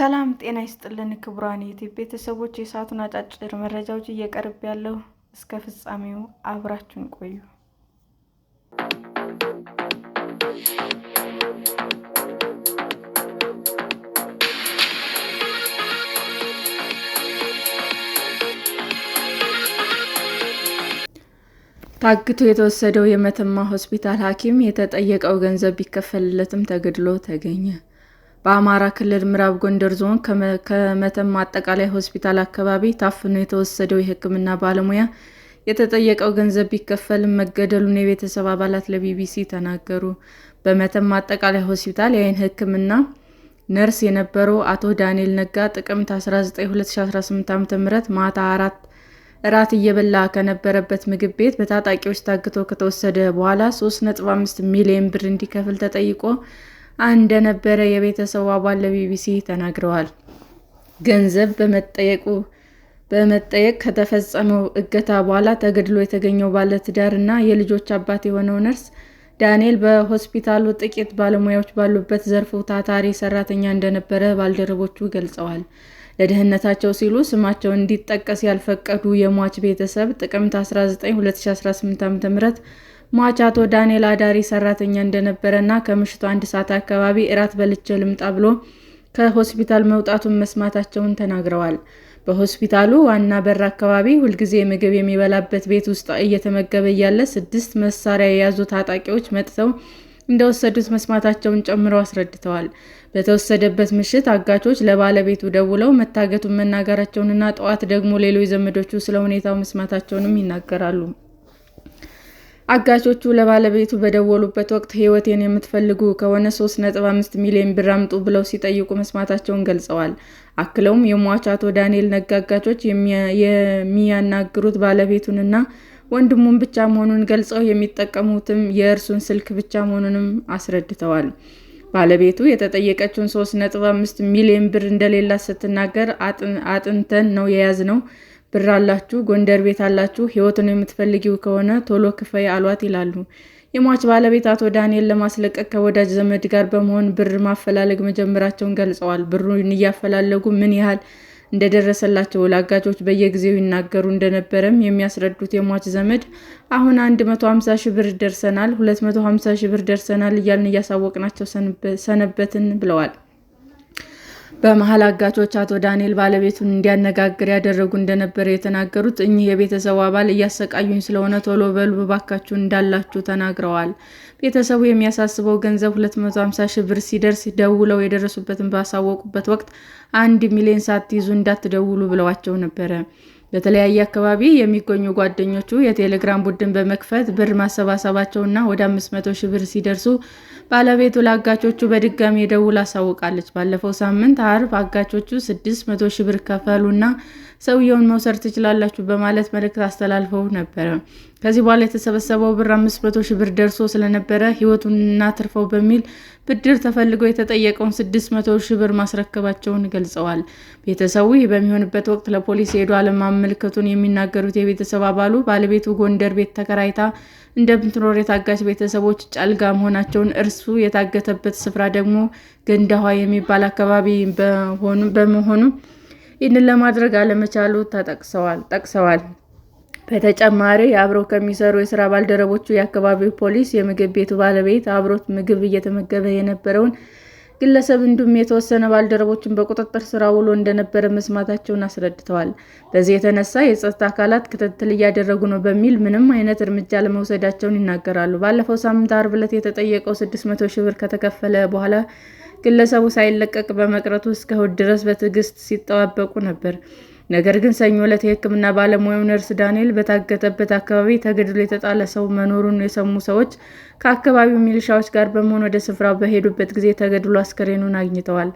ሰላም ጤና ይስጥልን ክቡራን ዩቲዩብ ቤተሰቦች፣ የሰዓቱን አጫጭር መረጃዎች እየቀርብ ያለው እስከ ፍጻሜው አብራችሁን ቆዩ። ታግቶ የተወሰደው የመተማ ሆስፒታል ሐኪም የተጠየቀው ገንዘብ ቢከፈልለትም ተገድሎ ተገኘ። በአማራ ክልል ምዕራብ ጎንደር ዞን ከመተማ አጠቃላይ ሆስፒታል አካባቢ ታፍኖ የተወሰደው የሕክምና ባለሙያ የተጠየቀው ገንዘብ ቢከፈልም መገደሉን የቤተሰብ አባላት ለቢቢሲ ተናገሩ። በመተማ አጠቃላይ ሆስፒታል የዓይን ሕክምና ነርስ የነበረው አቶ ዳንኤል ነጋ ጥቅምት 192018 ዓ.ም ማታ አራት እራት እየበላ ከነበረበት ምግብ ቤት በታጣቂዎች ታግቶ ከተወሰደ በኋላ 3.5 ሚሊዮን ብር እንዲከፍል ተጠይቆ እንደነበረ የቤተሰቡ አባል ለቢቢሲ ተናግረዋል። ገንዘብ በመጠየቁ በመጠየቅ ከተፈጸመው እገታ በኋላ ተገድሎ የተገኘው ባለትዳር እና የልጆች አባት የሆነው ነርስ ዳንኤል በሆስፒታሉ ጥቂት ባለሙያዎች ባሉበት ዘርፉ ታታሪ ሰራተኛ እንደነበረ ባልደረቦቹ ገልጸዋል። ለደህንነታቸው ሲሉ ስማቸው እንዲጠቀስ ያልፈቀዱ የሟች ቤተሰብ ጥቅምት 19 2018 ዓ.ም ሟች አቶ ዳንኤል አዳሪ ሰራተኛ እንደነበረና ከምሽቱ አንድ ሰዓት አካባቢ እራት በልቼ ልምጣ ብሎ ከሆስፒታል መውጣቱን መስማታቸውን ተናግረዋል። በሆስፒታሉ ዋና በር አካባቢ ሁልጊዜ ምግብ የሚበላበት ቤት ውስጥ እየተመገበ እያለ ስድስት መሳሪያ የያዙ ታጣቂዎች መጥተው እንደወሰዱት መስማታቸውን ጨምረው አስረድተዋል። በተወሰደበት ምሽት አጋቾች ለባለቤቱ ደውለው መታገቱን መናገራቸውንና ጠዋት ደግሞ ሌሎች ዘመዶቹ ስለ ሁኔታው መስማታቸውንም ይናገራሉ። አጋቾቹ ለባለቤቱ በደወሉበት ወቅት ሕይወቴን የምትፈልጉ ከሆነ 3.5 ሚሊዮን ብር አምጡ ብለው ሲጠይቁ መስማታቸውን ገልጸዋል። አክለውም የሟቹ አቶ ዳንኤል ነጋ አጋቾች የሚያናግሩት ባለቤቱንና ወንድሙን ብቻ መሆኑን ገልጸው የሚጠቀሙትም የእርሱን ስልክ ብቻ መሆኑንም አስረድተዋል። ባለቤቱ የተጠየቀችውን 3.5 ሚሊዮን ብር እንደሌላ ስትናገር አጥንተን ነው የያዝነው ብር አላችሁ፣ ጎንደር ቤት አላችሁ፣ ሕይወትን የምትፈልጊው ከሆነ ቶሎ ክፈይ አሏት ይላሉ። የሟች ባለቤት አቶ ዳንኤል ለማስለቀቅ ከወዳጅ ዘመድ ጋር በመሆን ብር ማፈላለግ መጀመራቸውን ገልጸዋል። ብሩን እያፈላለጉ ምን ያህል እንደደረሰላቸው ለአጋቾች በየጊዜው ይናገሩ እንደነበረም የሚያስረዱት የሟች ዘመድ አሁን 150 ሺህ ብር ደርሰናል፣ 250 ሺህ ብር ደርሰናል እያልን እያሳወቅናቸው ሰነበትን ብለዋል። በመሀል አጋቾች አቶ ዳንኤል ባለቤቱን እንዲያነጋግር ያደረጉ እንደነበረ የተናገሩት እኚህ የቤተሰቡ አባል እያሰቃዩኝ ስለሆነ ቶሎ በሉ እባካችሁ እንዳላችሁ ተናግረዋል። ቤተሰቡ የሚያሳስበው ገንዘብ 250 ሺህ ብር ሲደርስ ደውለው የደረሱበትን ባሳወቁበት ወቅት አንድ ሚሊዮን ሳትይዙ እንዳትደውሉ ብለዋቸው ነበረ። በተለያየ አካባቢ የሚገኙ ጓደኞቹ የቴሌግራም ቡድን በመክፈት ብር ማሰባሰባቸውና ወደ 500 ሺህ ብር ሲደርሱ ባለቤቱ ለአጋቾቹ በድጋሚ የደውል አሳውቃለች። ባለፈው ሳምንት አርብ አጋቾቹ 600 ሺህ ብር ከፈሉና ሰውየውን መውሰድ ትችላላችሁ በማለት መልእክት አስተላልፈው ነበረ። ከዚህ በኋላ የተሰበሰበው ብር አምስት መቶ ሺህ ብር ደርሶ ስለነበረ ህይወቱን እናትርፈው በሚል ብድር ተፈልጎ የተጠየቀውን ስድስት መቶ ሺህ ብር ማስረከባቸውን ገልጸዋል። ቤተሰቡ ይህ በሚሆንበት ወቅት ለፖሊስ ሄዶ አለማመልከቱን የሚናገሩት የቤተሰብ አባሉ ባለቤቱ ጎንደር ቤት ተከራይታ እንደምትኖር የታጋች ቤተሰቦች ጫልጋ መሆናቸውን እርሱ የታገተበት ስፍራ ደግሞ ገንዳዋ የሚባል አካባቢ በመሆኑ ይህንን ለማድረግ አለመቻሉ ተጠቅሰዋል ጠቅሰዋል። በተጨማሪ አብረው ከሚሰሩ የስራ ባልደረቦቹ፣ የአካባቢው ፖሊስ፣ የምግብ ቤቱ ባለቤት አብሮት ምግብ እየተመገበ የነበረውን ግለሰብ እንዲሁም የተወሰነ ባልደረቦችን በቁጥጥር ስር ውሎ እንደነበረ መስማታቸውን አስረድተዋል። በዚህ የተነሳ የጸጥታ አካላት ክትትል እያደረጉ ነው በሚል ምንም አይነት እርምጃ ለመውሰዳቸውን ይናገራሉ። ባለፈው ሳምንት ዓርብ ዕለት የተጠየቀው 600 ሺህ ብር ከተከፈለ በኋላ ግለሰቡ ሳይለቀቅ በመቅረቱ እስከ እሁድ ድረስ በትዕግስት ሲጠባበቁ ነበር። ነገር ግን ሰኞ ዕለት የሕክምና ባለሙያው ነርስ ዳንኤል በታገተበት አካባቢ ተገድሎ የተጣለ ሰው መኖሩን የሰሙ ሰዎች ከአካባቢው ሚሊሻዎች ጋር በመሆን ወደ ስፍራው በሄዱበት ጊዜ ተገድሎ አስከሬኑን አግኝተዋል።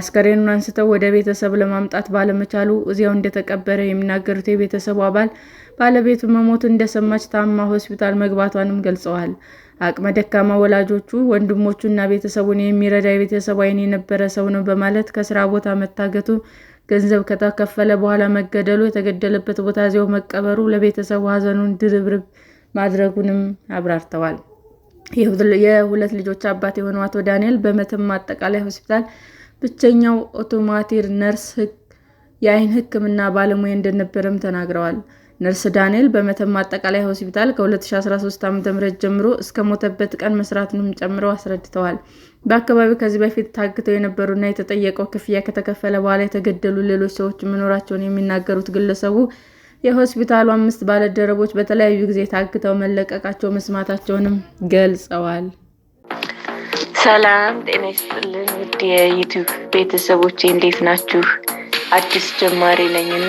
አስከሬኑን አንስተው ወደ ቤተሰብ ለማምጣት ባለመቻሉ እዚያው እንደተቀበረ የሚናገሩት የቤተሰቡ አባል ባለቤቱ መሞት እንደሰማች ታማ ሆስፒታል መግባቷንም ገልጸዋል። አቅመ ደካማ ወላጆቹ፣ ወንድሞቹና ቤተሰቡን የሚረዳ የቤተሰብ አይን የነበረ ሰው ነው በማለት ከስራ ቦታ መታገቱ ገንዘብ ከተከፈለ በኋላ መገደሉ፣ የተገደለበት ቦታ እዚያው መቀበሩ ለቤተሰቡ ሀዘኑን ድርብርብ ማድረጉንም አብራርተዋል። የሁለት ልጆች አባት የሆነው አቶ ዳንኤል በመተማ አጠቃላይ ሆስፒታል ብቸኛው ኦቶማቲር ነርስ የአይን ሕክምና ባለሙያ እንደነበረም ተናግረዋል። ነርስ ዳንኤል በመተማ አጠቃላይ ሆስፒታል ከ2013 ዓ.ም ጀምሮ እስከ ሞተበት ቀን መስራቱንም ጨምረው አስረድተዋል። በአካባቢው ከዚህ በፊት ታግተው የነበሩና የተጠየቀው ክፍያ ከተከፈለ በኋላ የተገደሉ ሌሎች ሰዎች መኖራቸውን የሚናገሩት ግለሰቡ የሆስፒታሉ አምስት ባልደረቦች በተለያዩ ጊዜ ታግተው መለቀቃቸው መስማታቸውንም ገልጸዋል። ሰላም ጤና ይስጥልን ውድ የዩቱብ ቤተሰቦች እንዴት ናችሁ? አዲስ ጀማሪ ነኝና